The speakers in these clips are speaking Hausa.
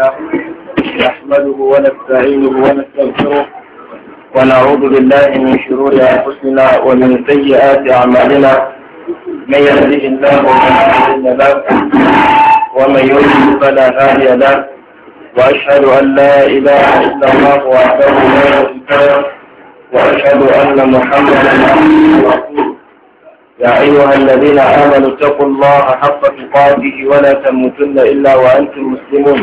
نحمده ونستعينه ونستغفره ونعوذ بالله من شرور انفسنا ومن سيئات اعمالنا من يهده الله ومن مضل له ومن يضلل فلا هادي له واشهد ان لا اله الا الله وحده لا شريك له واشهد ان محمدا عبده ورسوله يا ايها الذين امنوا اتقوا الله حق تقاته ولا تموتن الا وانتم مسلمون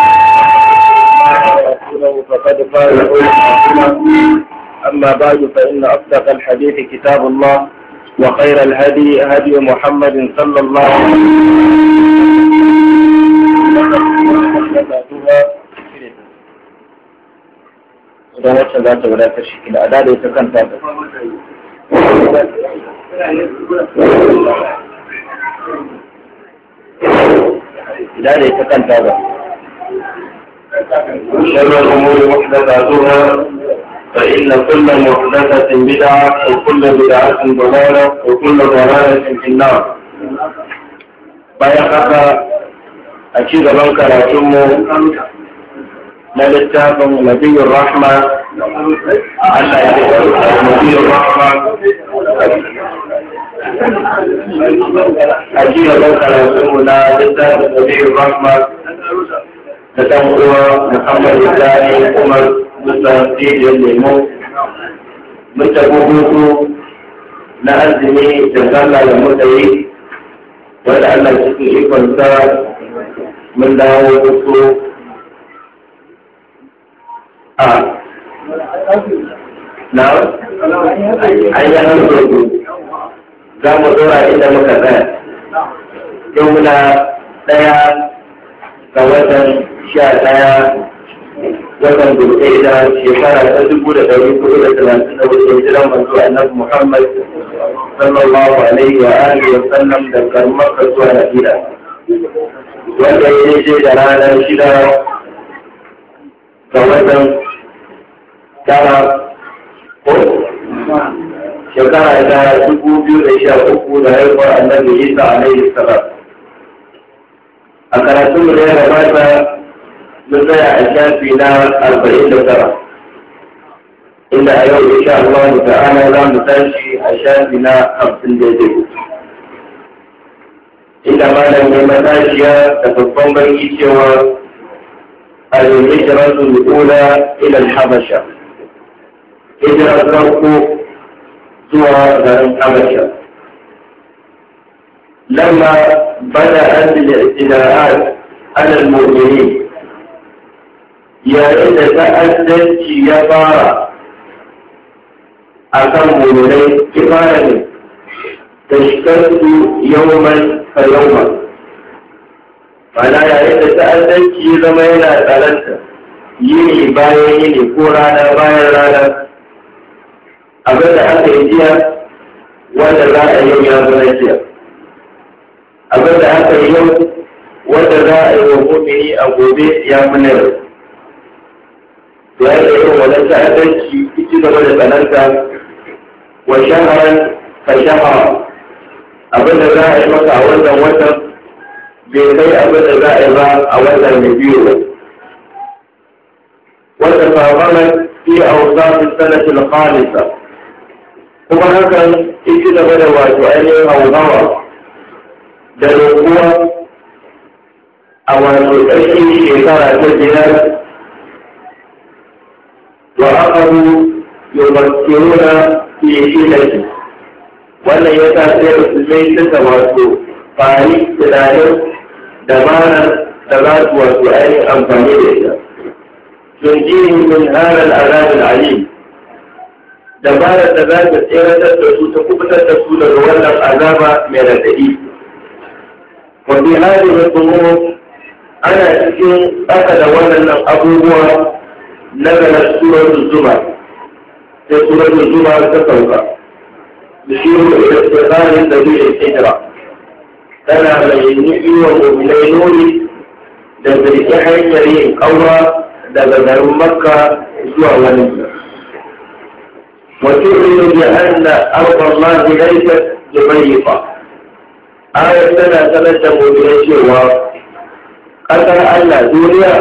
ورسوله فقد قال أما بعد فإن أصدق الحديث كتاب الله وخير الهدي هدي محمد صلى الله عليه وسلم don wacce za ta wadatar shi kila da da ta kanta ba شر الأمور محدثاتها فإن كل محدثة بدعة وكل بدعة ضلالة وكل ضلالة في النار بايخا أكيد بنك راتمو ملك تابم نبي الرحمة نبي الرحمة أجيب بنك راتمو نبي الرحمة da ɗan uwa Muhammad Sani Umar Musa Fidiyar Lemo. Mun tafi hutu na azumi da sallah da muka yi wanda Allah cikin ikonsa mun dawo hutu a na an yi hankali za mu zura inda muka tsaya. Yau muna ɗaya ga watan sha ɗaya watan da shekara ta dubu da dari kudu da talatin da wuce jiran manzo annabi Muhammad sallallahu alaihi wa alihi wa sallam da karmaka zuwa gida wanda ya daidai da ranar shida ga watan tara ko shekara ta dubu biyu da sha uku da haifar annabi Isa alaihi salam الثلاثون ريال مات من بيع الشام في نار أربعين لترة إلا أيوه إن شاء الله تعالى لم تنشي عشان في نار أربعين لترة إلا ما لم يمتاشي تتطم بيسي الهجرة الأولى إلى الحبشة هجرة روكو سورة الحبشة لما بدأت الاعتداءات على المؤمنين yayin da ta'addanci ya fara a kan mulmulai kifara ne ta shikarsu yawman ka yawman mana yayin da ta'addanci ya zama yana tsananta yini bayan yini ko rana bayan rana abin da aka yi jiya wanda za a yau ya zama jiya abin da aka yi yau wanda za a yi wa mumini a gobe ya fi na yau ya yi irin wannan ta'addanci ci gaba da tsananta wa shaharar ka shahara abin da za a yi maka a wannan watan bai kai abin da za a yi ba a watan mai biyu ba wanda fa'amalar fi a wasafin sanatin khalisa kuma hakan ci gaba da wato ainihin hauhawa da roƙuwa a wato ɗarki shekara ta biyar wa akaru yubakkiruna fi shi. wannan ya sa sai musulmai suka wato fari tunanin dabarar da za su wato ainihin amfani da ita. Tunjihun min harar azabin alim dabarar da za ta tseratar da su ta kubutar da su daga wannan azaba mai raɗaɗi وفي هذه الظروف انا اتكلم اخذ ولنا ابوها نزلت سوره الزمر في سوره الزمر تتوقع بشير الى استقبال النبي الهجره انا مجنئي ومؤمني نوري دبر جحي كريم قوى دبر مكة سوى ولنا وتؤمن بأن أرض الله ليست ضيقة ayar tana sanar da mutum cewa ƙasar Allah duniya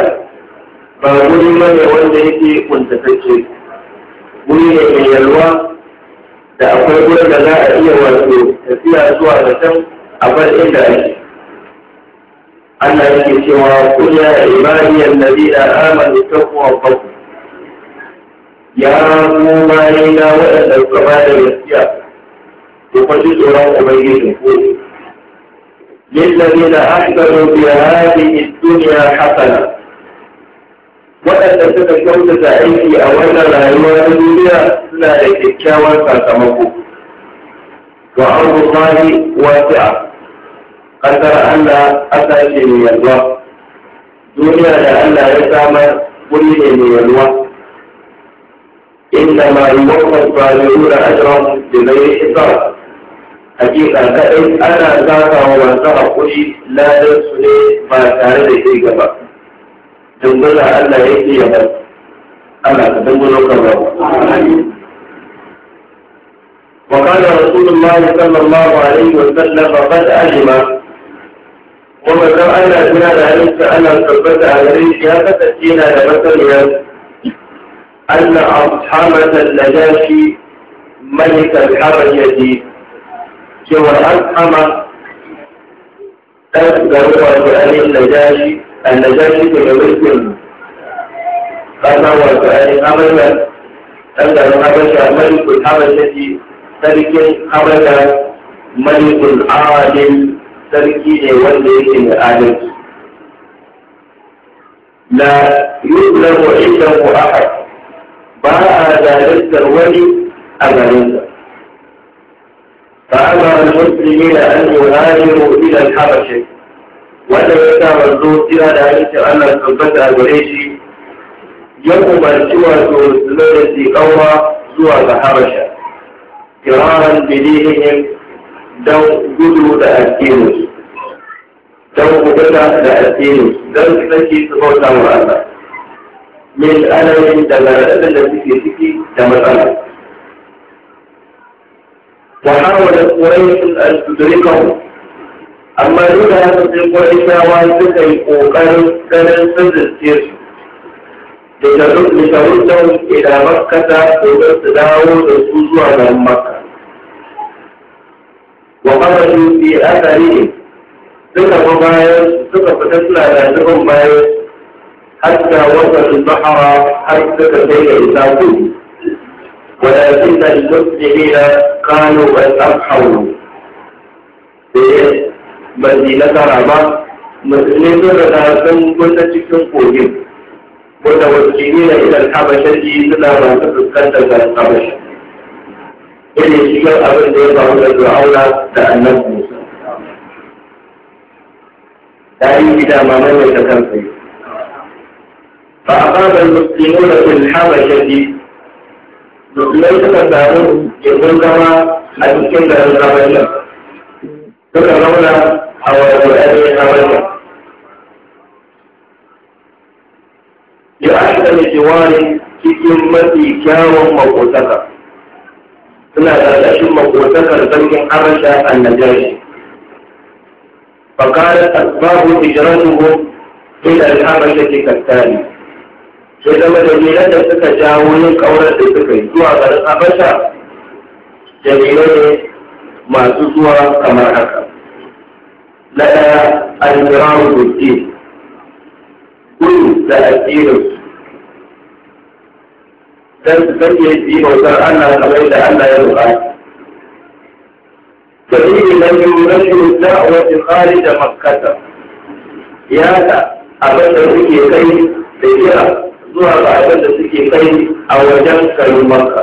ba wuri ne wanda yake kuntatacce wuri ne mai yalwa da akwai wurin da za a iya wato tafiya zuwa da can a bar inda ake Allah yake cewa kun ya ibadi da amanu taqwa rabbakum ya ku na waɗanda suka ba da gaskiya ku kwaji tsoron ubangiji ku للذين أكبروا في هذه الدنيا حسنة وأنت تتكون تتعين أولا لا يوجد بها لا يتكى وانتعتمك وأرض الله واسعة قدر أن أساس من الوقت دنيا لأن لا يتعمى كل من الوقت إنما يوقف الصالحون أجرا بغير حساب hakika kadai ana zaka wa masu haƙuri ladan su ne ba tare da ke gaba dangana Allah ya ce ya bar ka dangana ka ba وقال رسول الله صلى الله عليه وسلم قد علم وما لم أن أتنا ذلك أن ثبت على ريشها فتأتينا لمثلها أن أصحاب النجاشي ملك الحرجة سوى الحمر تذكر وسؤال النجاشي النجاشي في ملك الحبشة تركي حبشة ملك العادل لا يظلم عنده احد باع ذلك الولي أبا فأمر المسلمين أن يهاجروا إلى الحبشة wanda ya sa manzo kira da halittar Allah tabbata a gare shi ya umarci wato musulmai da su kawa zuwa ga Habasha kiraran bidihihim don gudu da addini, don gudana da addinin don su sake su bauta wa Allah min alamin da garadadin da suke ciki da matsala وحاولت قريش أن تدركه أما دون هذا في قريش suka yi ƙoƙarin ganin sun لتردهم إلى مكة وبس داود على من مكة وخرجوا في أثرهم سكة بايس سكة فتسلى لازمهم بايس حتى وصل البحر حتى سكة بين ولكن المسلمين كانوا قد أضحوا بمدينة رابا مسلمين da sun kunta cikin kogin wanda wasu ne idan habashar ji suna masu fuskantar da habashar ne shigar abin da ya faru da zuwa da annabi musa tarihi da mamman mai ta kansa ba a fadar muslimu da sun habashar ji musulmai suka samu yankin zama a cikin garin suka zauna a wajen ya da jiwani cikin mafi kyawun makotaka suna ƙarƙashin makotakar zankin habasha a najeriya فقالت أسباب هجرته إلى الحبشة كالتالي sai zama dalilan da suka jawo yin ƙaunar da suka yi zuwa garin da dalilai ne masu zuwa kamar haka na ɗaya almirawu gudde gudu da asirin don su sanya yi bautar allah kamar da allah ya roƙa dalili na biyu a wasu tsari da makkata ya ta, abin da suke kai da kira zuwa ga abin da suke kai a wajen karin makka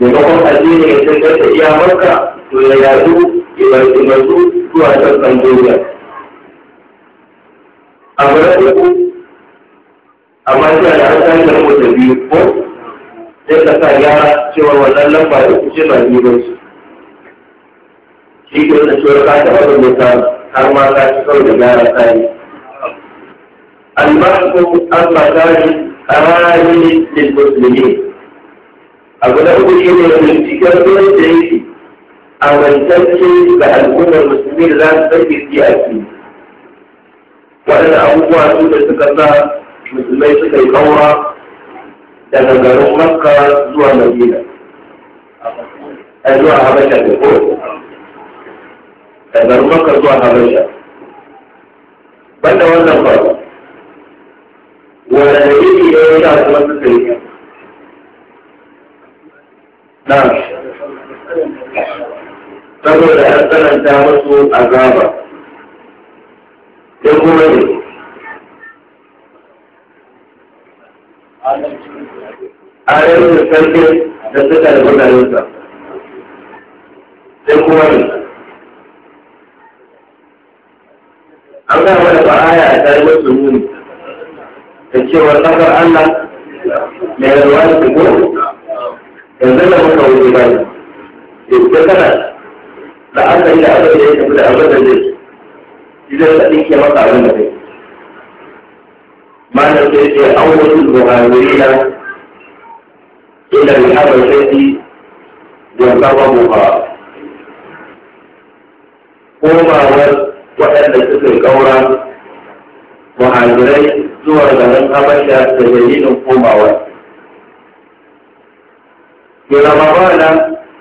maimakon addini ya sai da iya makka to ya yadu ibarsu zuwa sassan duniya A na uku a sai da an san da mu da biyu ko sai ka sa gyara cewa wannan lamba da kuce ba biyu ba su shi ke wanda cewa ka taɓa da mutane har ma ka ci kawai da gyara tsari البحث عن مكان أمان للمسلمين abu na uku shi ne binciken ruwan da yake a wantance da al'ummar musulmi da za su sarki su yi waɗanda abubuwa su da suka sa musulmai suka yi kaura daga garin makka zuwa madina a eh, zuwa habasha da ko daga garin makka zuwa habasha banda wannan ba wanda da yake da ya sa kuma suka yi na saboda an tsananta musu azaba don kuma ne ayoyin sarki da suka da mutanensa sai kuma ne an kama da ba'aya a tare musu nuni cewar kafar Allah mai ruwa su ko yanzu da muka wuce ba ne da ita kana da aka yi da abin da ya tafi da abin da zai idan ka ɗinke maka abin da kai malam sai ce an wasu na ila rihabar sai yankaba muka komawar waɗanda suka yi ƙaura muhajirai zuwa garin habasha da dalilin komawa bi ramadana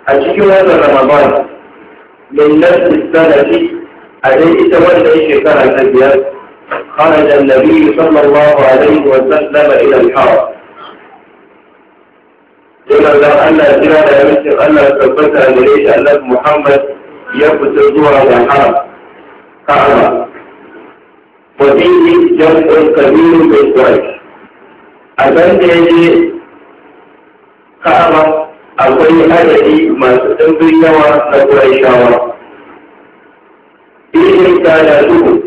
a cikin wannan ramadana min nafsi sanati a dai ita wannan shekara ta biyar خرج النبي صلى الله عليه وسلم إلى الحرم yana da Allah jira da yankin Allah tabbata da ya shi Allah Muhammad ya fita zuwa ga haram Ka'aba وفيه جمع كبير بالقريش أبن يجي Kaba, akwai adadi masu ɗimbin yawa na ƙuraishawa. Irin ta da duhu,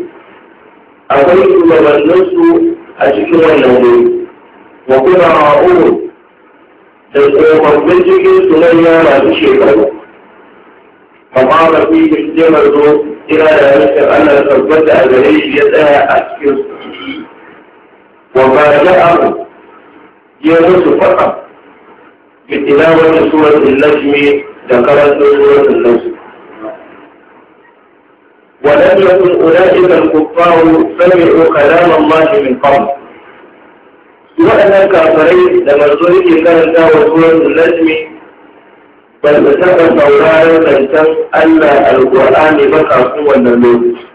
akwai shugabanninsu a cikin wannan wuri, wa kuma ma'uru da tsofaffin cikin manya masu shekaru. fara ku yi kirkirar zo ina da rikin ana tabbar da gare shi ya tsaya a cikin suki wa ba ya abu ya musu faɗa bi ina wata suwar lalashmi da karanta suwar lalashmi ولم يكن اولئك الكفار سمعوا كلام الله من قبل سواء كافرين لما زرقي كان داوود سوره النجم Ban su taɓa sauraron zancen Allah ne ba kafin wannan lokaci.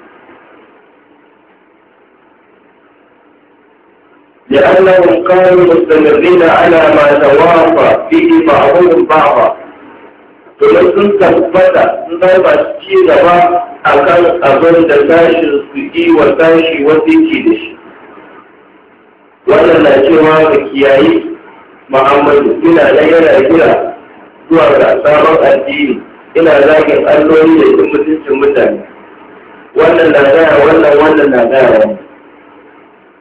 لأنهم كانوا مستمرين على ما توافى فيه بعضهم بعضا domin sun tabbata sun zama ci gaba a kan abin da tashin su yi wa tashi da shi wannan na cewa ka kiyaye, muhammadu ina na yana gida zuwa ga sabon addini ina zagin alloli da yin mutuncin mutane wannan na gaya wannan wannan na gaya wani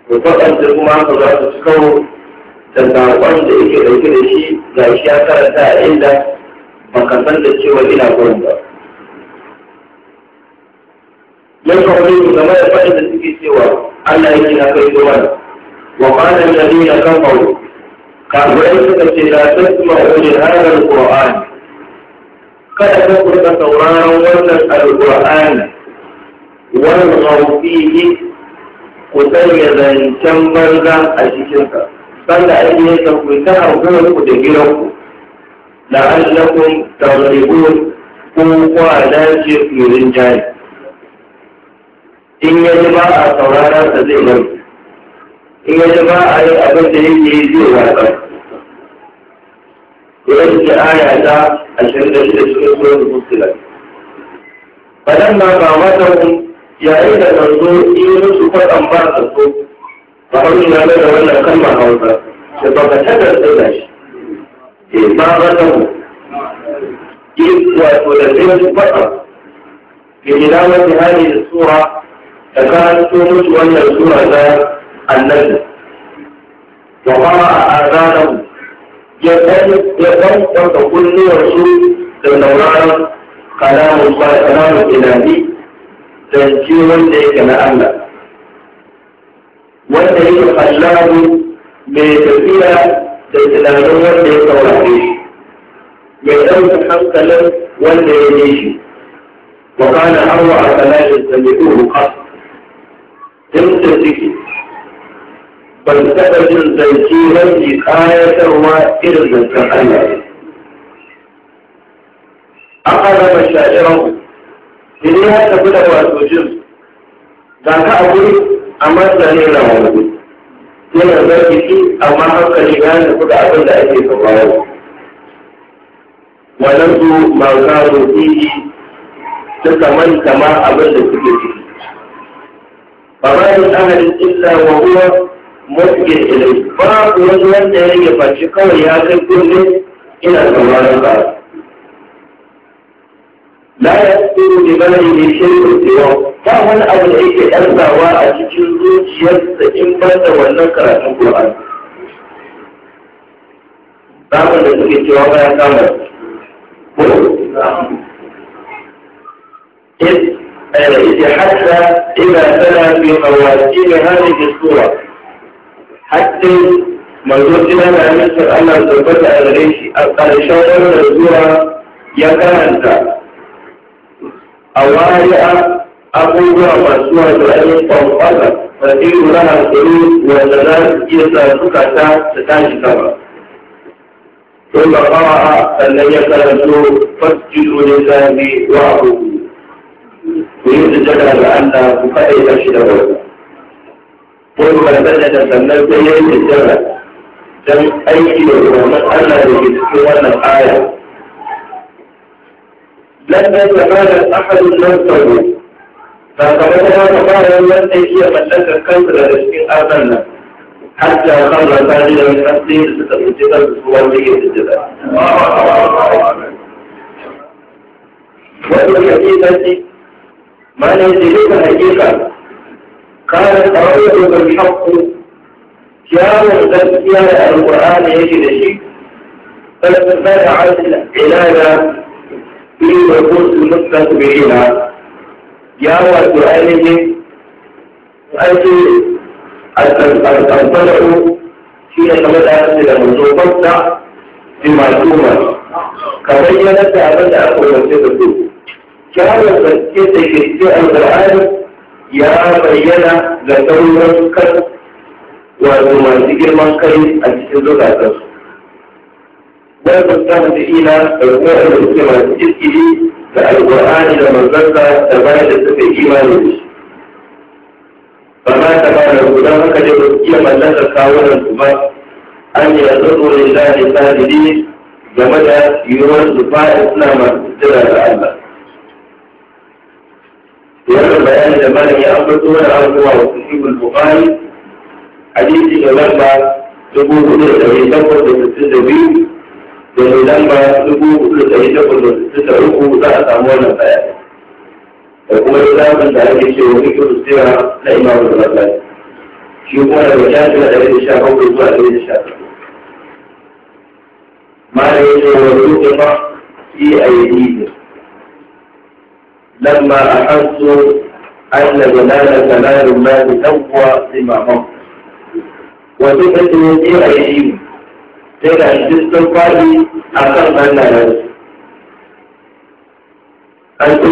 ko faɗanta kuma haka za su kawo da saƙon da yake ɗauke da shi ga shi ya karanta a inda baka san da cewa ina gurin ba ya kawai su game da faɗin da suke cewa Allah yake na kai zuwa wa ƙwanan da ne na kan kafirai suka ce la tasma'u li hadha alquran kada ka kurka sauraron wannan alquran wal ghawfihi ku sanya zancen banza a cikinsa sanda ake ta kan ku ta harkuwar ku da gidanku la'allakum taghlibun ko kwana ce ku yi in ya ji ba a sauraron sa zai bari in ya ji ba a yi abin da yake zai watsar ورجع آية إلى الشرق الإسرائيلي سورة المفصلة فلما قامتهم يا عيد الأنظور يونس قد أنبأت الصوت فقلت يا بني ولا كلمة حولك شبابة هدر إلاش إذا إيه، غدوا إذ إيه، وأتوا فقط بإلامة هذه السورة فكان يونس ولا السورة ذا وقرأ آذانه ya ɗanɗanta kunnuwarsu da sauraron kalamun kalamun ilahi zance wanda yake na Allah wanda yake kallamu mai tafiya da tunanin wanda ya saurare shi mai ɗauki hankalin wanda ya ne shi wa kana hawa a kalamin sami'u ruka tun da ciki ban taɓa jin zance mafi ƙayatarwa irin zancen Allah ne. An fara mai ku. Idan ya tafi da wato jin, ga ka a wuri amma zane na wani yana zargi shi amma hankali ya tafi da abin da ake sauraro. Wadansu mauta zofihi suka manta ma abin da suke ciki. Ba bayan ahalin illa wa huwa mulkin ilai babu wani wanda ya rage face kawai ya kai kulle ina sauraron ba la ya tsoro da bane ne shirku tsiyo ba wani abu da yake ɗansawa a cikin zuciyarsa in ba da wannan karatun Qur'an zamun da suke cewa ba ya kama إذ حتى إذا تلا في خواتيم هذه السورة hatta manzo ila da yankin Allah tabbata a gare shi a ƙarshen wannan zuwa ya karanta a wariya abubuwa masu wato ainihin kwamfaka da irin rana tsoro wanda za su iya sa suka ta ta tashi ba. Tun da kawa a sannan ya karanto fasiti ne sa ne wa abubuwa. Ku yi da jaga da Allah ku faɗaita shi da wata. sai magana da sannan sai ya yi hijira don aiki da domin Allah da ke cikin wannan aya. Lannan zamanin ahadun nan sauro, ba kamar da haka ba wani wanda iya mallakar kansa daga cikin azan nan. Hatta kan rasari da wani hasi da suka fice kansu su wanda ke hijira. Wani hakika ce, ma ne ce ne hakika كانت أعوذ بالحق جاوز غسيا القرآن يجد شيء فاتبعت العلالة في نفوس المستقبلين جاوز عينه وأجل التنطلع حين تبدأ إلى في بمعلومة كبينت أبدأ أقول لك كانت غسيا تشتئ القرآن ya bayyana ga sauran kan wato masu girman kai a cikin zukatansu dan su da ina da kuma da suke masu kirkiri da alƙur'ani da manzansa da bayan da suka imani da shi ba ma ta ba da guda haka da ba su iya mallakar kawunan su ba an yi yanzu tsoron da ne game da yiwuwar su fara suna masu jira da Allah yawan bayani da malam ya ambato wani abubuwa wa sahihul bukhari hadisi da lamba dubu hudu da ɗari takwas da sittin da biyu da mai lamba dubu hudu da ɗari takwas da sittin da uku za a samu wannan bayani da kuma lissafin da ake cewa fikin sira na imamu da mazali shi kuma da mai shafi na ɗari da sha bakwai zuwa ɗari da sha takwas malam ya ce wa duk ma fi ayyadi ne لما أحس أن جلال كلام الله تقوى إمامه وتبت يدير أيديه تلك الاستغفار أقل من نفسه أنت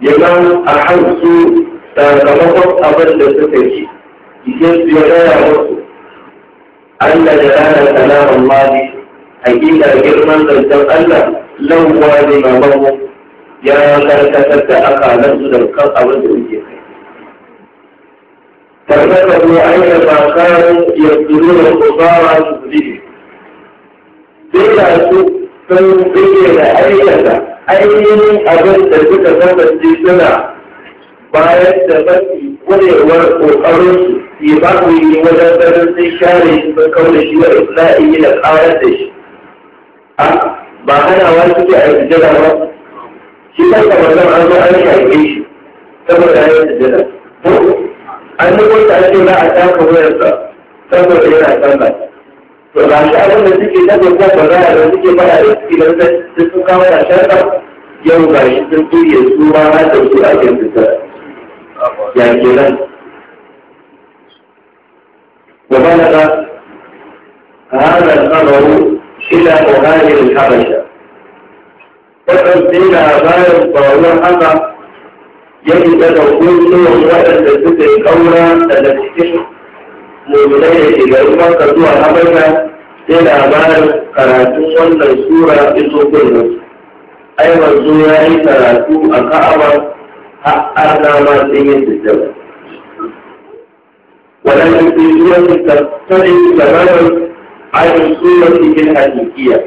يمان أحس sakamakon abin da suka yi idan su ya gaya musu Allah da ranar kalaman mali hakika girman zancen Allah lauwa ne mamanmu ya karkatar da akalansu da kan abin da yake kai فذكروا أين ما كانوا يبذلون الخسارة تفليهم إلا سوء فنبين أين abin da suka فتى سنة bayan da mafi kurewar ƙoƙarinsu ke ba ku yi wajen ganin sun share shi sun kauna shi wa isla'i da ƙarar da shi. A ba hana wasu ke a yanzu jira ba, shi kan da wannan an zo an shaƙe shi saboda ya yi sujjada ko an yi wata ake za a taka wayarsa saboda yana sallah to ga shi abin da suke daga ko ba za a da suke fara da suke da da sun kawo da sharɗa yau ga shi sun tuye su ma har da su ake sujjada ya ke nan وبلغ هذا الخبر إلى مهاجر الحبشة kasance labarin faruwar haka ya fita da hukuncin waɗanda suka yi ƙaura daga cikin mulmulai da ke garin maka zuwa habasha sai labarin karatun wannan sura iso kullum ai manzo ya yi karatu a ka'aba har na ma sun yi sujjaba waɗanda ke zuwa su tattali labarin ayin sura cikin hakikiya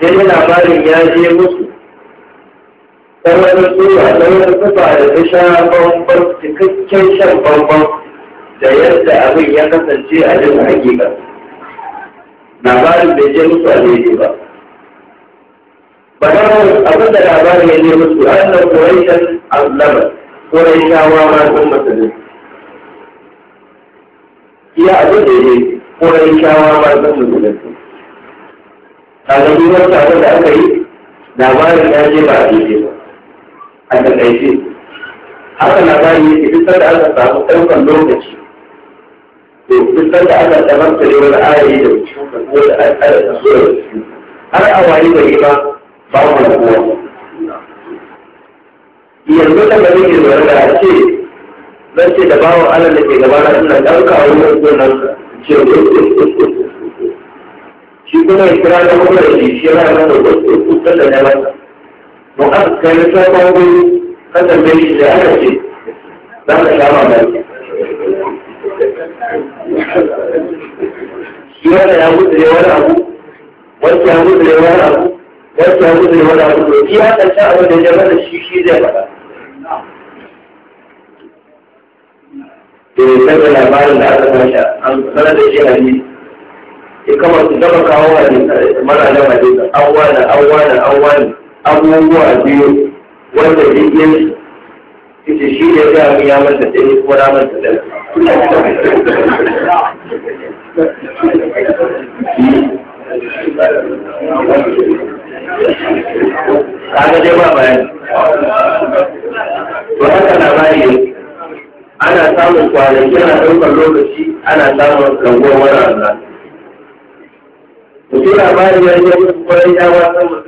sai na labarin ya je musu dan wani sura na wani zuba da ta sha bambam cikakken shan bambam da yadda abin ya kasance a jin hakika labarin bai je musu a daidai ba Badarar abin da labarin ya ne musu an da kuraishan azlama kuraishawa ma sun musulmi. Iya abin da ya ne kuraishawa ma sun musulmi. Kaga duk wata abin da aka yi labarin ya je ba a daidai ba. a takaice haka labari yake duk da aka samu ɗaukan lokaci to duk da aka samar da yawan ayayi da cikin kasuwa da aka da sura da su har a wani gari ma ba mu da kowa yanzu da ba zai yi da ce zan ce da bawan Allah da ke gaba na ina ɗauka wani wannan ce shi kuma ya kira da kuma da shi shi yana da kuma da kuma da to aka kai na farkon wuri ka tambaye shi da aka ce za ka sha mamaki shi wanda ya gudu ne wani abu wacce ya gudu ne wani abu wacce ya gudu ne wani abu to iya ƙarshen abin da ya mana shi shi zai faɗa eh, da ya canza labarin da aka tashi an sanar da shi a hadisi ya eh, kama su gaba kawo ne mara da hadisi an wani an wani an wani abubuwa biyu wanda jikin ita shi ne za mu ya manta da ni ko na manta da kaga dai ba bayani to haka labari ne ana samun kwanaki ana ɗaukar lokaci ana samun kangon wani abu mutum labari ya yi wani kwarai ya wasan mutum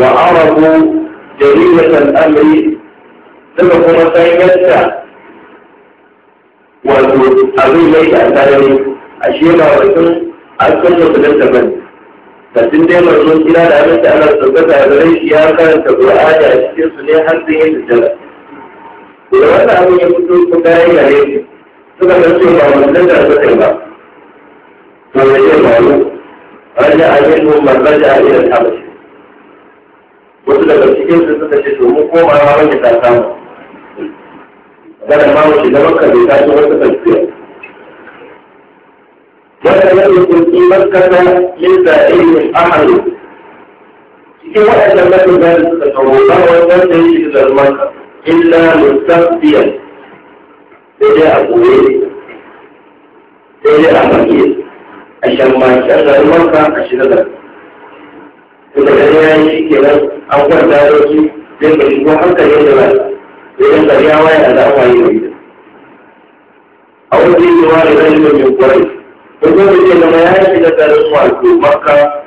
وعرفوا جريمة الأمر daga kuma san yadda wato abin ya a tsarin a shema wajen akwai musulunta ba ne da sun dai kira da abin ana tsokata a gare shi ya karanta qur'ani a ne har sun yi sujjada da wannan abin ya fito ko kayan yare ne suka san cewa ba musulunta ba kai ba to da yin malu wani abin mu marmaja a irin habashi wasu daga cikin su suka ce to mu koma ma wani ta samu kada ma mu kare ta bai tashi wata tafiya wanda ya yi kunki makka ta yin zaɓe a hannu. cikin waɗannan zai suka tsoro ba wanda ya yi shiga makka illa mustafiyan sai dai a koye sai dai a makiye a shan ma shan garin makka a shiga garin kuma da ya yi shi kenan an kwanta da shi zai ka shigo hankali da ba idan gari ya da an da mai a wajen yi wa da zai yi mai kwarai ko kuma da ke zama ya shiga garin wato makka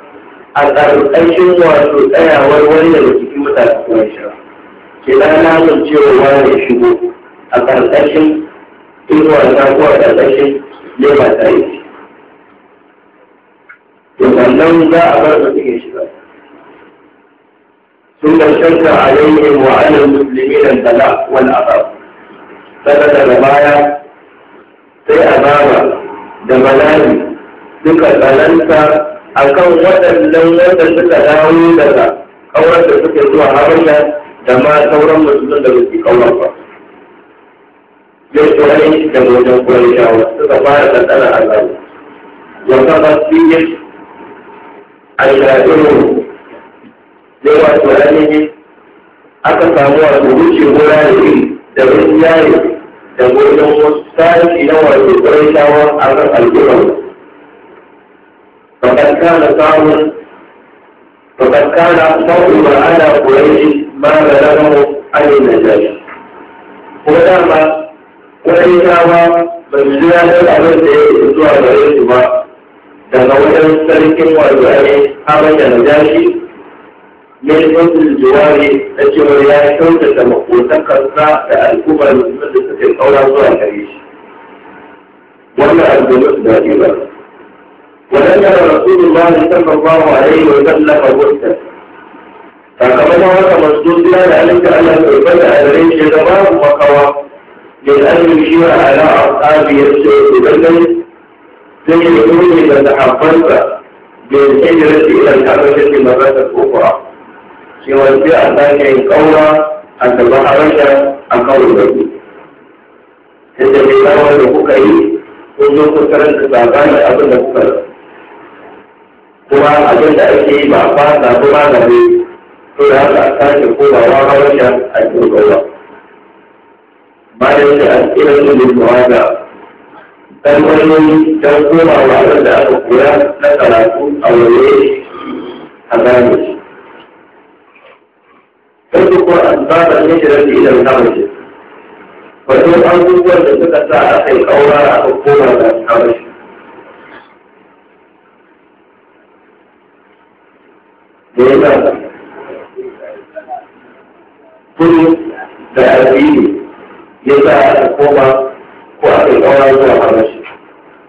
a ƙarƙashin wato tsayawar wani daga cikin mutane kuma shi ke na namun cewa wani ya shigo a ƙarƙashin inuwa ta ko a ƙarƙashin lema ta yi. To wannan za a bar cikin shi ba. ثم اشتد عليهم وعلى المسلمين البلاء والعذاب فبدا لبايا sai azaba da bala'i duka tsananta a kan waɗannan wanda suka dawo daga kawar da suke zuwa habasha da ma sauran musulun da suke kawar ba. Yau turai wajen kurai suka fara tsantsana azabu. Wata masu yi a ya wato ainihi aka samu wato wuce gora da yi da wani yare da gudun wasu sashi na wato shawar a kan al'ummar fakat kana samun fakat kana samun ma'ana ƙuraishi ma da lamarin ainihin najashi ko dama ƙuraishawa ba su ji daɗin abin da ya zuwa gare su ba daga wajen sarkin wato ainihin hamayya najashi من حسن الجواري أجمل يا كوتة مقوتكرنا الكبرى المسلسة الأولى ظهر كريش ولا الجنود دائما ونزل رسول الله صلى الله عليه وسلم وسلم فكما هو مصدود لا عليك أن تعبد على ريش دماغ وقوى من أن يشير على أصحابه يسير بدنه زي الأمور إذا تحققت بالهجرة إلى الحبشة مرة أخرى cewa sai a sake yin kaura a tafi rasha a kawo da ku yadda mai kawar da kuka yi ko zo ku karanta sabanin abin da kuka yi kuma abin da ake yi ba a fasa kuma ga ne to da haka a sake komawa wa a cikin kaura bayan da an kira su ne kuma da dan don dan komawa abin da aka koya na karatu a wani a gane shi sai duk wani tsara ne ta abubuwan da suka sa kai kaura a da ta yana da kudu da a kan ko a zuwa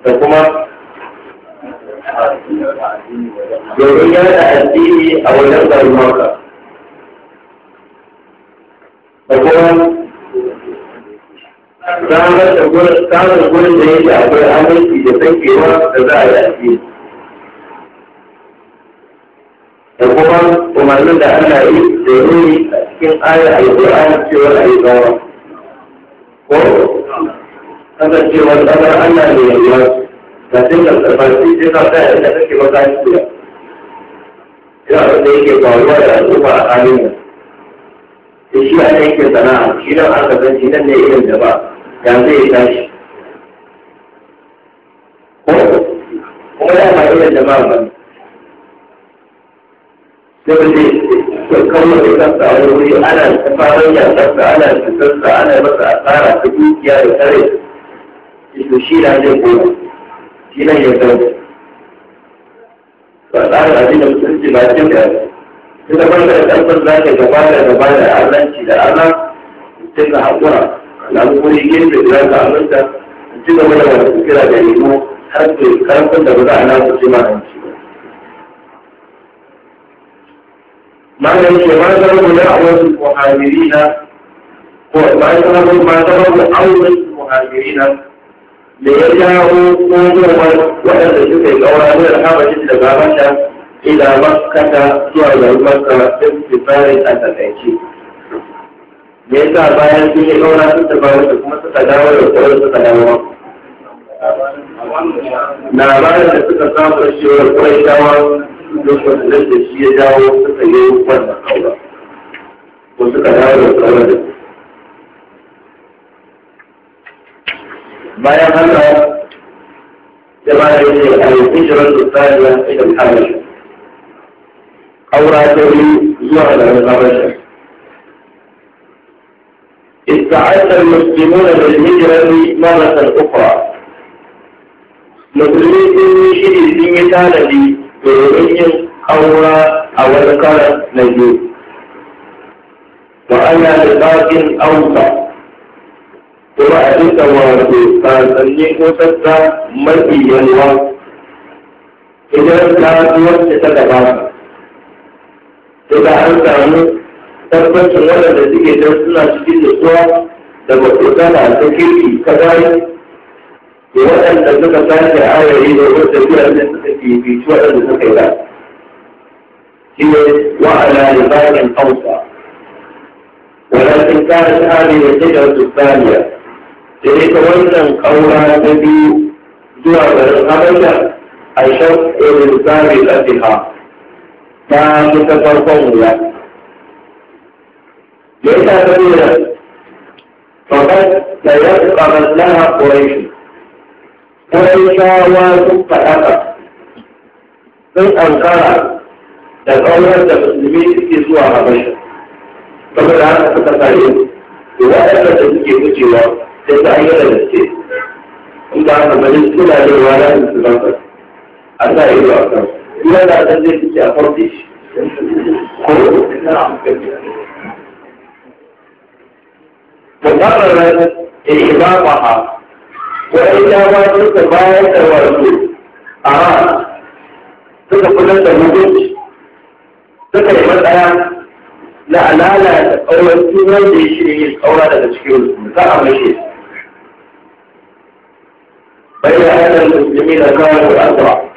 da kuma da a wajen ɗarin maka, da gurin samar da gurin samun gurin da yake akwai aminci da da za a yaƙi da kuma umarnin da ana yi da yi a cikin a yi cewa a yi zama ko kasancewar ƙasar Allah ne yanzu da dinga tsarfasi sai ka sa yadda kake makashi da da yake faruwa da al'umma a halin da shi a kan yake sana'a shi nan aka san shi nan ne irin da ba ya zai tashi ko kuma ya ba irin da ba ba sai wanda ya kawo da kansa a wuri ana ta fara ya kansa ana ta kansa ana masa a tsara ta dukiya da tsare to shi na zai koma shi nan ya kawo ba tsara abin da musulunci ba cikin da ita farka da ɗanfar za ka gaba da gaba da azanci da ana ta ga haƙura na wuri gefe da za ka aminta ci gaba da wata kira da nemo har ke karfin da ba za a nasu ce ma ci ba. Malam ke ma zama mu na awon na ko ma zama mu ma zama mu awon na da ya jawo ko mu waɗanda suka yi ƙaura ne da haɓa shi daga Habasha ila makkata zuwa garin makka sun fi tsarin a me yasa bayan sun yi ƙaura sun taɓa wata kuma suka dawo da ƙwarar suka Na labarin da suka samu da shi wa lokacin da shi ya dawo suka yi wannan ƙaura ko suka da da bayan yi a yi da او راجعي زهد عن الرجل استعد المسلمون بالهجرة مرة أخرى musulmi sun yi shiri sun yi tanadi domin yin aura a wani karan na biyu wa ana da bakin auta kuma a duka wato tsantsanni ko sassa mafi yalwa idan ta wacce ta gabata sai da an samu tabbacin waɗanda suke don suna cikin nutsuwa da matsota da ta kirki kadai da waɗanda suka sace ayari da wasu tafiya da suka ke bici waɗanda suka yi ba shi ne wa'ala da bayan hausa ولكن كانت هذه الهجرة الثانية لذلك وزن قولا نبي دعا بالغبشة أشرف إلى الثاني الأتها ta fi ta farkon wuya ya yi tafi da fakat da ya kamar laha ƙuraishi ƙuraishawa sun faɗaƙa sun ankara da ƙaunar da musulmi suke zuwa habashi saboda haka suka tare da waɗanda da suke gujewa sai ta hanyar da suke in ba haka suna da wani musulman a sa ido a kansu لا لا ده زي يا فرديش تقررت إضافها وإذا ما تتبايت ورسول أراد تتقلت الوجود تتعبت أيام لا لا لا أول سنة يشيء أولاد لا فأم يشيء فإذا أن المسلمين كانوا أسرع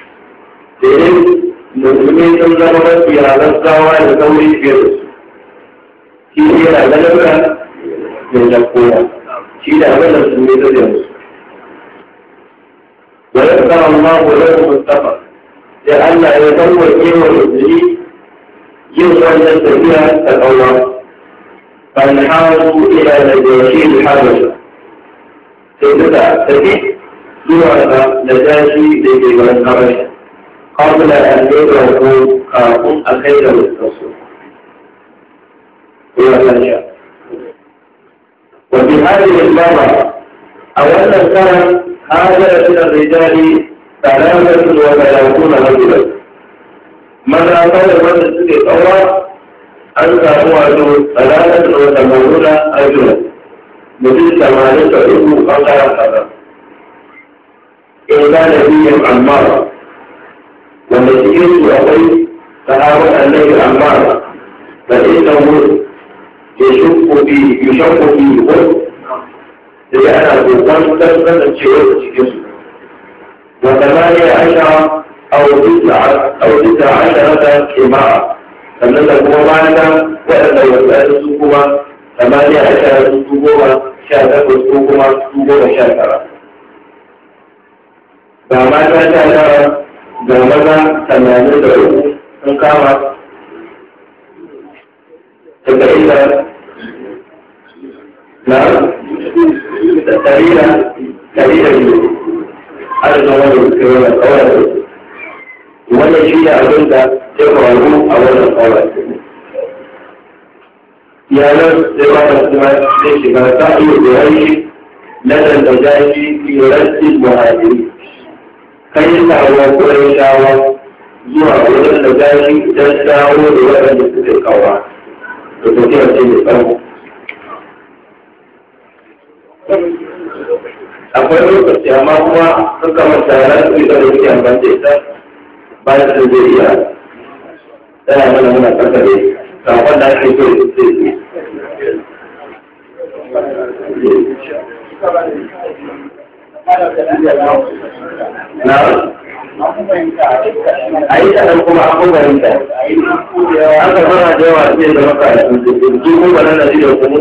domin musulmi sun zama mafi rasawa da sauri fiye da su shi ne yana zalaka mai zakowa shi da abin da musulmi zai yanzu wani sa amma wani mustafa sai Allah ya tawwace wa musulmi yin wannan tafiya ta da فانحازوا إلى نجاشي Sai سيدنا tafi zuwa ga najashi da ke garin habasha قبل أن يدعوا كافون أخيرا للرسول وفي هذه المرة أولا كان هاجر من الرجال ثلاثة وثلاثون رجلا من أقل من سنة الأولى أن كانوا ثلاثة وثمانون رجلا مثل ثمانية رجل فقرة إلا نبي عمار wanda cikin su akwai sahabar annabi ammar fa innahu yashukku bi yushakku bi wa da ya ana kokon tantance cewa cikin su wa tamaniya ashara aw tis'a aw tis'a ashara imara sannan da kuma mata waɗanda wasu su kuma tamaniya ashara su goma sha takwas ko kuma su goma sha tara ba mata sha tara ga maza tamanin da uku sun kama da na da ɗari da ɗari da shi ne abin da faru a wannan kawai yanar ba da kuma shiga ta da yanki na muhajiri Kan yi kanyawa kuɗin shawa zuwa wurin da gashi idan dawo da waɗanda suke kawa da tafiya ce mai tsawo. akwai lokaci amma kuma sun kama tsarar su da suke amfani da ita bayan da zai iya tana mana muna kakare kafin da ake so zai yi. na a yi kuma an kuma ta an ka fara da yawa sai da maka ji kuma nan da kuma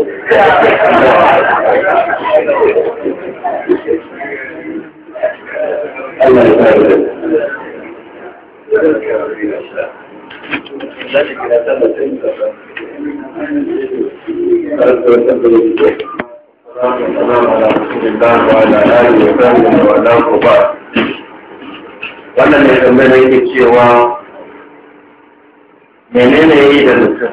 Allah ya kare Thank you. wannan ne tambayar da yake cewa menene yi da mutum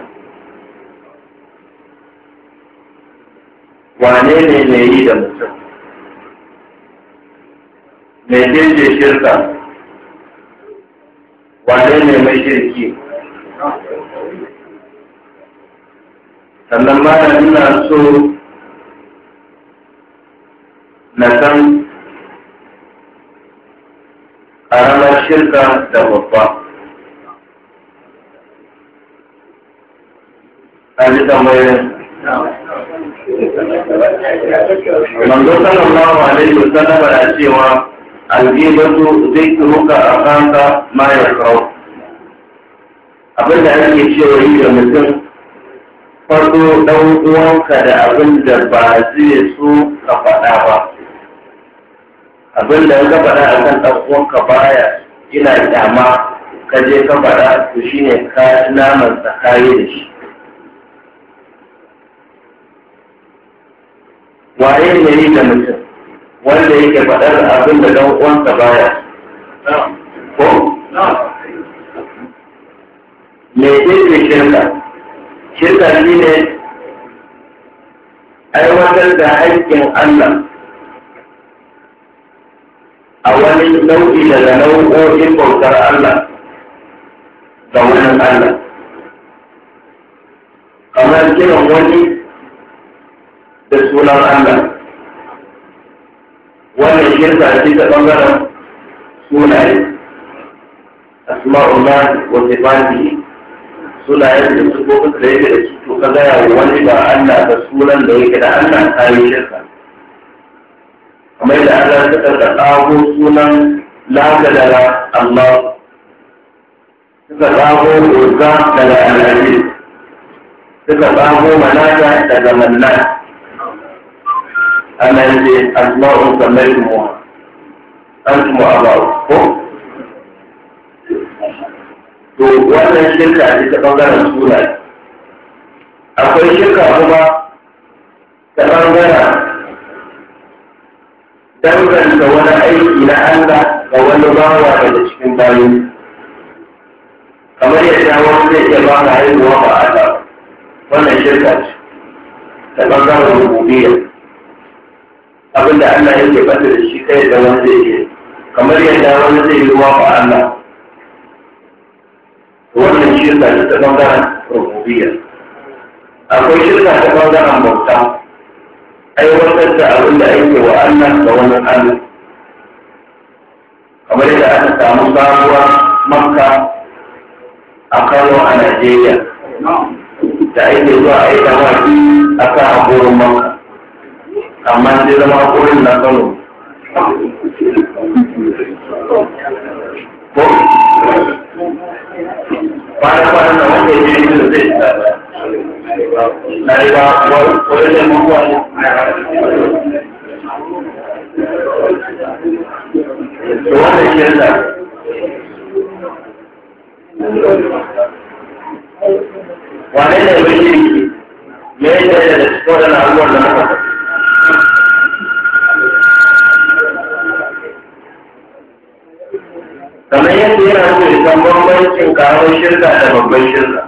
wane ne mai yi da mutum mai jirge shirka wane ne mai shirki sannan ma na so na san ƙaramar shirka da babba a ji tambayin manzo sallallahu alaihi sallam na cewa al-ghibatu dhikruka aqanta ma yakrahu abin da ake cewa yi da mutum farko ɗan uwanka da abin da ba zai so ka faɗa ba abin da ka faɗa a kan ɗan'uwanka baya ina kyama ka je ka faɗa to shi ne ka naman tsakaye da shi waye ne yi da mutum wanda yake faɗar abin da ɗan'uwanka baya ko? me ke shirka shirka shi ne aiwatar da haƙƙin Allah a wani nau'i daga nau'o'in bautar Allah da wani Allah kamar kiran wani da sunan Allah wannan shirka shi ta ɓangaren sunaye asma'ullah wa sifatihi sunayen da su ko da yake da su to ka gaya wa wani ba Allah da sunan da yake da Allah ta yi shirka kamar da Allah ta karka ɗago sunan laka daga Allah suka ɗago doka daga alhaji suka ɗago manata daga manna Allah ya ce asma'u kamar mu an kuma abawu ko to wannan shirka ce ta ɓangaren sunaye akwai shirka kuma ta ɓangaren danganta wani aiki na Allah ga wani bawa daga cikin bayi kamar yadda wani zai iya ba ka haihuwa ba Allah wannan shirka ce ta ɓangaren rububiyya abinda Allah yake bata da shi kai da wani zai iya kamar yadda wani zai yi ruwa ba Allah wannan shirka ce ta ɓangaren rububiya akwai shirka ta ɓangaren bauta aiwatar da abin da ake wa Allah da wani Allah kamar yadda aka samu sabuwa makka a Kano a Najeriya da ake zuwa a yi damaki a kan hakorin makka amma zai zama hakorin na Kano ko bayan kwanan da wanda ya yi da zai ta na yi ba wani ne mun wani to ya yi da wane ya yi da ya yi da ya yi ya da kamar yadda yana so ya san bambancin karamar shirka da babban shirka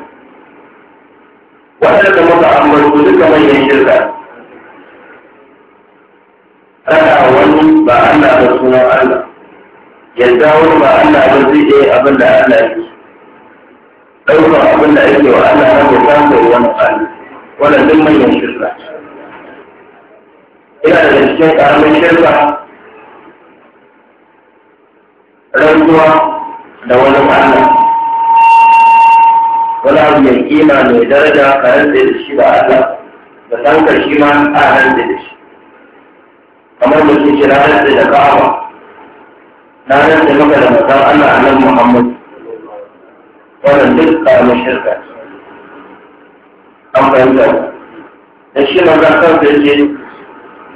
an muka ambato duka manyan shirka ana wani ba Allah ba suna Allah yadda wani ba Allah ba zai abinda abin da Allah ya ɗaukar abin da ake wa Allah na ba samun wani Allah wannan duk manyan shirka ina da cikin ƙaramin shirka rantsuwa da wani ma'ana wani abu mai kima mai daraja a rantse da shi ba Allah da tankar shi ma a rantse da shi kamar da ke shi rantse da kawo na rantse maka da mazan Allah a nan Muhammad wannan duk karamin shirka an fahimta da shi za ka yake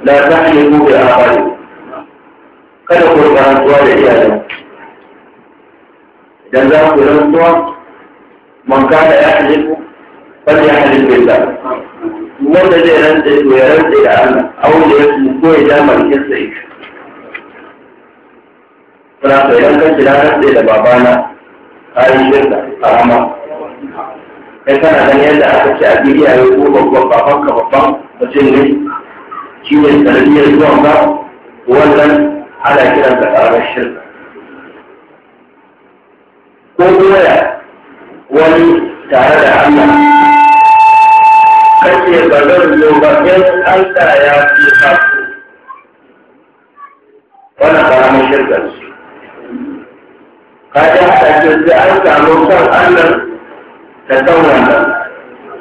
da ta hanyar gobe a kada ku rantsuwa da iyayen dan za ku rantsuwa man da ya halifu bal ya halifu billah wanda zai rantsa to ya rantsa da Allah wanda da su ko ya dama kin sai kana to idan ka kira rantsa da babana shi shirka arama kai kana ganin yadda aka ce a bidiya ya ko babban babban ka babban mutum ne shi ne sanadiyar zuwan ka wannan ana kiran ka karamar shirka ko doya wani tare da Allah kace ba zan zo ba in Allah ya fi ka wannan karamin shirkar su ka ji haɗa ce sai an samu kan Allah da son wannan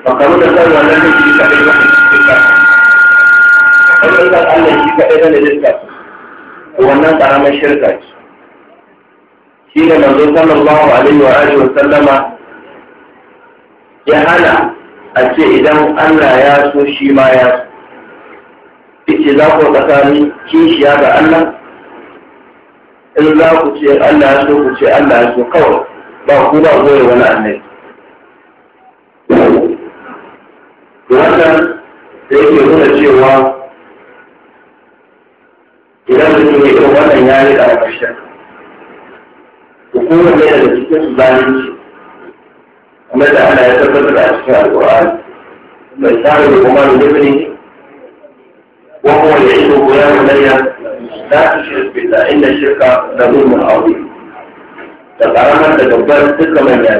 ba kamu da son wannan ne shi kaɗai ba ne shi kaɗai ba ne Allah shi kaɗai ba ne wannan karamin shirka ce shi ne manzo sallallahu alaihi wa alihi wa sallama ya hana a ce idan Allah ya so shi ma ya so ice za ku tsakanin kishiya ga Allah in za ku ce Allah ya so ku ce Allah ya so kawai ba ku ba goye wani annabi wannan da yake nuna cewa idan mutum ya yi wannan ya da ƙarshen to kowanne da cikin su zalunci kuma da ana ya tabbatar a cikin alƙur'ani mai samun rukumanu da bane وهو يعيده يا بني لا تشرك بالله إن الشرك لظلم عظيم da karamar da babbar duka manya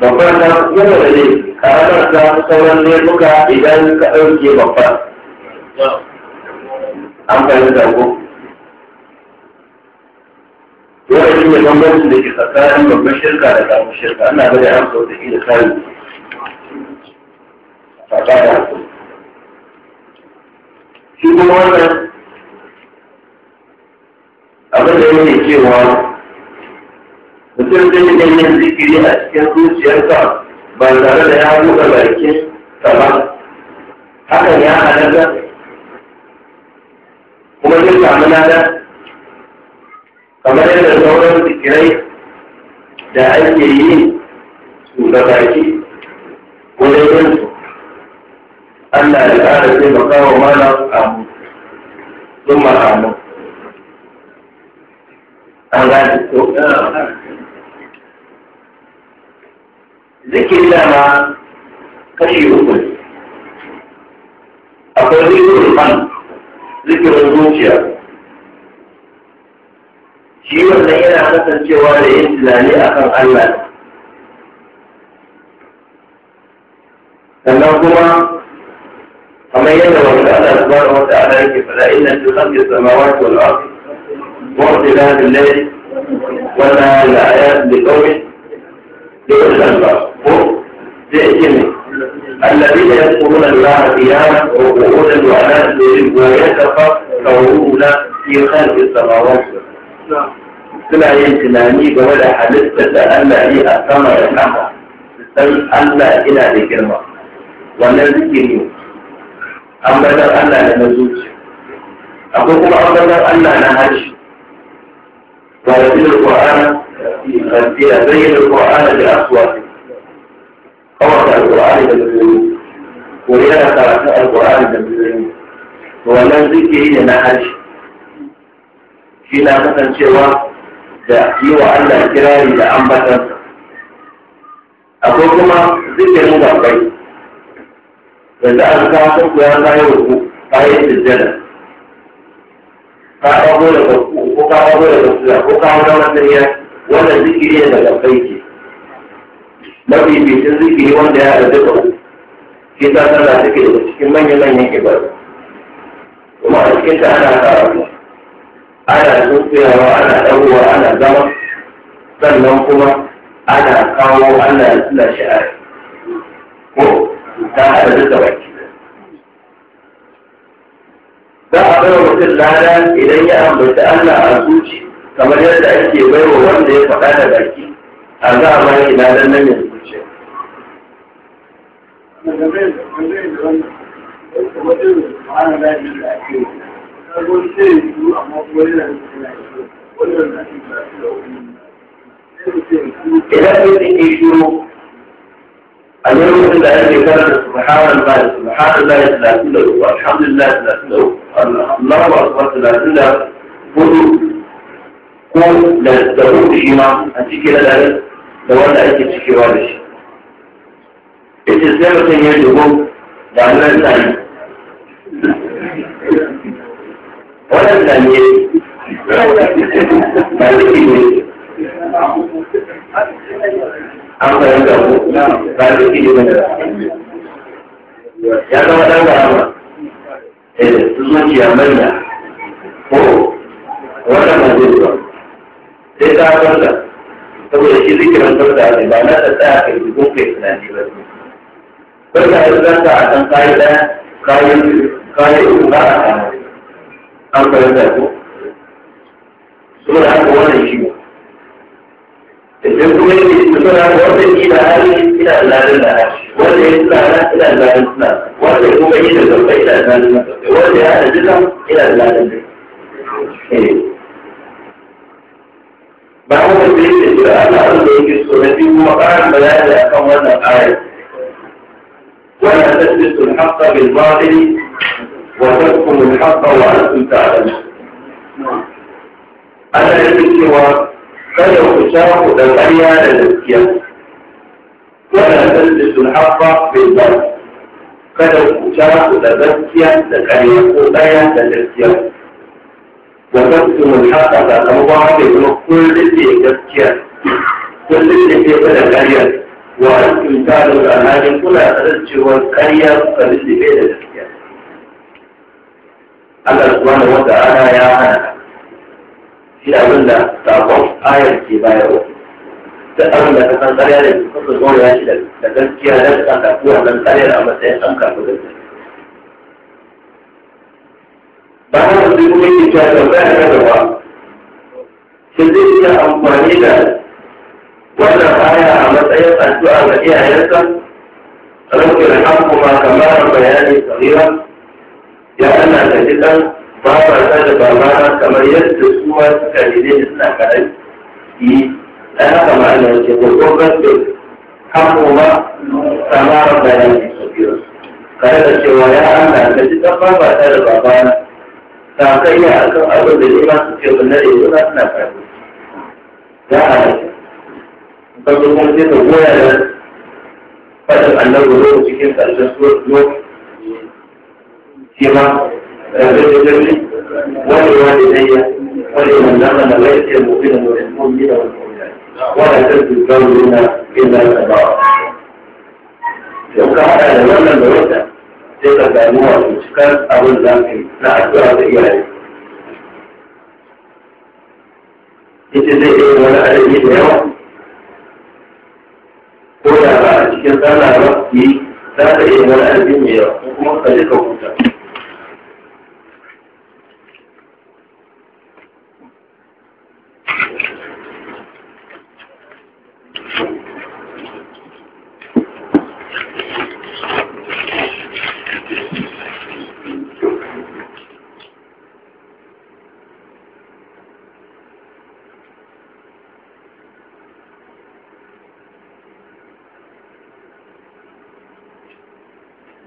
babbar ta kuma da ne karamar ta sauran sauran laifuka idan ka ɗauke babbar an fahimta ko Dole shi ne bambanci da ke tsakanin babban shirka da karamin shirka. Ana gada an sau da ila kayi. Fata da Shi kuma wannan abin da yake cewa mutum zai yi yin zikiri a cikin zuciyarsa ba tare da ya buɗe bakin ba hakan ya halatta kuma zai samu nada kamar yadda sauran zikirai da ake yi su ga baki wajen yin su Allah ya ƙara taimaka wa mana amu sun amu an gane ko zikin dama kashi uku akwai zikirin kan zikirin zuciya shi wannan yana kasancewa da yin tunani akan Allah sannan kuma kamar yadda wanda Allah subhanahu wa ta'ala yake fada inna fi khalqi samawati wal ardi wa ikhtilafi al-layl wa nahar la ayatin li qawmin yu'minuna Allah ko zai ce ne الذين يذكرون الله قياما وقعودا وعلى جنوبهم ويتفكرون في خلق السماوات والارض suna yin tunani game da halittar da Allah yi a sama da kama su san Allah ina da girma wannan zikiri ambatar Allah da na zuci akwai kuma ambatar Allah na harshe ورتل القرآن ترتيلا زين القرآن بأصواته قرأت القرآن بالذنوب ويرى قرأت القرآن بالذنوب ولن ذكري na harshe. Shi na kasancewa? da yi wa Allah kirari da ambatansa akwai kuma zikirin gabbai yanzu an kawo sun ya kayan ruku kayan sujjada ka ɗago da ku ko ka ɗago da gabku ko ka ɗago da masaniya wannan zikiri ne da gabbai ke mafificin zikiri wanda ya da duka shi ta sallah take cikin manya-manyan ibada kuma a cikin ta ana karatu ana tsotsiyawa ana ɗagowa ana zama sannan kuma ana kawo ana sula sha'ari a ko ta duk duka baki za a bai wa mutum lada idan ya ambaci Allah a zuci kamar yadda ake bai wa wanda ya faɗa da baki a za a mai ladan nan ya zuci. Kamar إذا كنت إيشو اليوم الآن ذكرت سبحان الله سبحان الله ثلاثين له والحمد لله ثلاثين له الله أكبر ثلاثين له كله كل لا تقول شيء ما أنت كده لا لو أنا أنت تشكي ولا شيء إذا سمعت يجيبهم دعنا نسأل wannan da ne ba zai ne an da ko ba zai ne ya zama ɗan ba eh zuciya manya ko wannan ba zai ba sai ta fanta saboda shi zikirin farka ne ba na da tsaya kai dukkan kai tunani ba farka ya zanta a kan kayi ɗaya kayi uku ba a kama an karanta ko saboda haka wannan shi idan kuma yake cikin suna wanda ke da hali ina lalin da wanda ya tsara ina lalin suna wanda kuma yi da zarfa ina lalin wanda ya hada duka ina lalin ba haka da yake da Allah an da yake so na biyu kuma ƙarin bayani a kan wannan ayar wannan tasbisul haqqa bil batil وتكتم الحق وأنتم تعلمون أنا يجب سوى kada ku shafu da ƙarya da gaskiya wala tajlisu al-haqqa bil batil kada ku shafu da gaskiya da ƙarya ko ƙarya da gaskiya wa tasdimu al-haqqa da kuma wanda kuma kullu da gaskiya kullu da ke da ƙarya wa antum ta'lamu al-hadin kula da cewa ƙarya kullu da gaskiya Allah subhanahu wa ta'ala ya hana shi abin da sakon ayar ke bayarwa ta abin da ka san da ke kusa zo ya shi da gaskiya da ka san don karya tsariyar a matsayin an kafu da ba a da su kuma yi cewa da bayan da ba shi zai iya amfani da wannan aya a matsayin addu'a ga iyayensa rauke da hankuma kamar bayani tsariran ya Allah ka ji ɗan babata da babana kamar yadda su ma suka nemi suna kaɗan yi da kama ma Allah da ko ko ba su kamo ma samara bayan su biyu kare da cewa ya Allah ka ji ɗan babata da babana ta kai ya akan abin da ne ma su ce ba na da yanzu suna kaɗan ya Allah ka zo kuma sai da goya da fadin annabi cikin ƙarshen suwar فيما بالجبل ولوالدي ولمن دخل بيتي المؤمن والمؤمن والمؤمنات ولا تزد قولنا الا الابرار Yauka haɗa da wannan da wata sai ka damuwa da cikar abin da na addu'a da iyaye. Ita zai iya wani adadi da yawa ko da ba a cikin tsara ba yi za ka iya wani adadi mai yawa kuma ka je ka huta.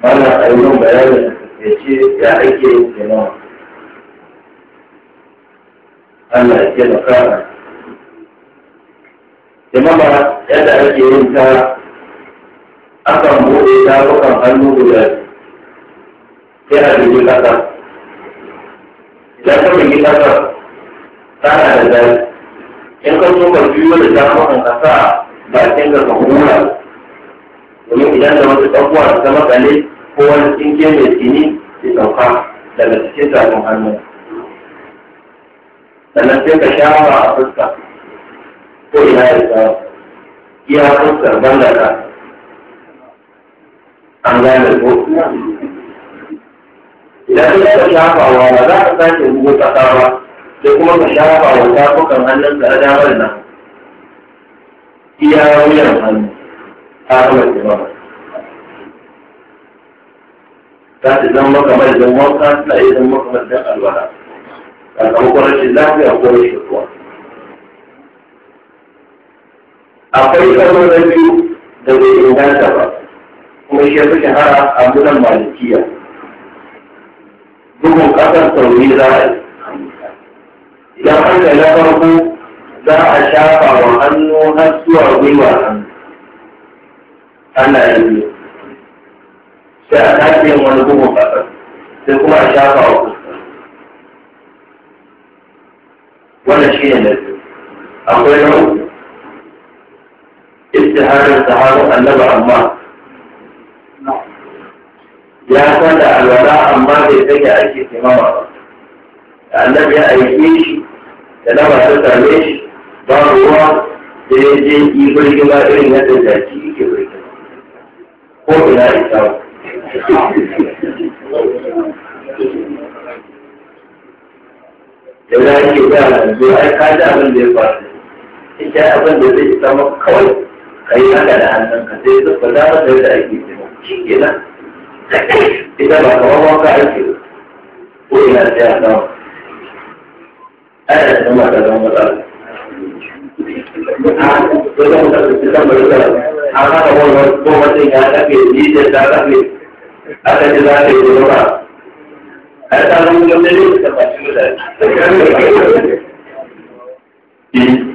mana a yi yin bayanin ya ce ya ake yin kenan Allah ya taimaka jama'a yadda ake yin ta akan buɗe tafukan hannu guda sai a dubi ƙasa idan ka dubi ƙasa tana da zafi in ka so ka biyo da tafukan ƙasa bakin ka ka hura domin idan da wata ɗan'uwa ta makale ko wani tsinke mai tsini ya sauka daga cikin tafin hannu sannan sai ka shafa a fuska ko ina ya samu iya fuskar bangasa an gane ko idan ka shafa wa ba za ka sake rubo ƙasa ba sai kuma ka shafa wa tafukan hannun ka na damar nan iya wuyan hannu ta kuma ba za ta zama maka mai zan wanka ta iya zama maka mai zan alwala sakamakon rashin lafiya ko rashin ruwa akwai karo da biyu da bai inganta ba kuma shi fi shahara a gudan malikiya bugun kasar sauri za a yi idan an da na farko za a shafa wa hannu har zuwa gwiwa hannu ana yi sai a tafi yin wani bugun kasar sai kuma a shafa wa kusa wannan shi ne na biyu akwai na uku istiharar sahabu annaba amma ya san da alwala amma bai sake ake kimama ba da annabi ya aike shi da na same shi ba ruwa da ya je yi birgima irin da za ke ai ka ji abin da ya faru ita abin da zai isa zama kawai ka yi haka da hannun ka sai zuba ba ka sai da ake taimako shi ke nan ita ba kamar ka ake ko ina sai a nawa ana da mata da zama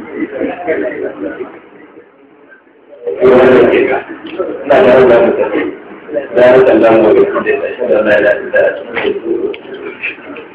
matsala ya wannan ke ka ina da wanda mutum da ya kallon gobe da ya tashi da na ya da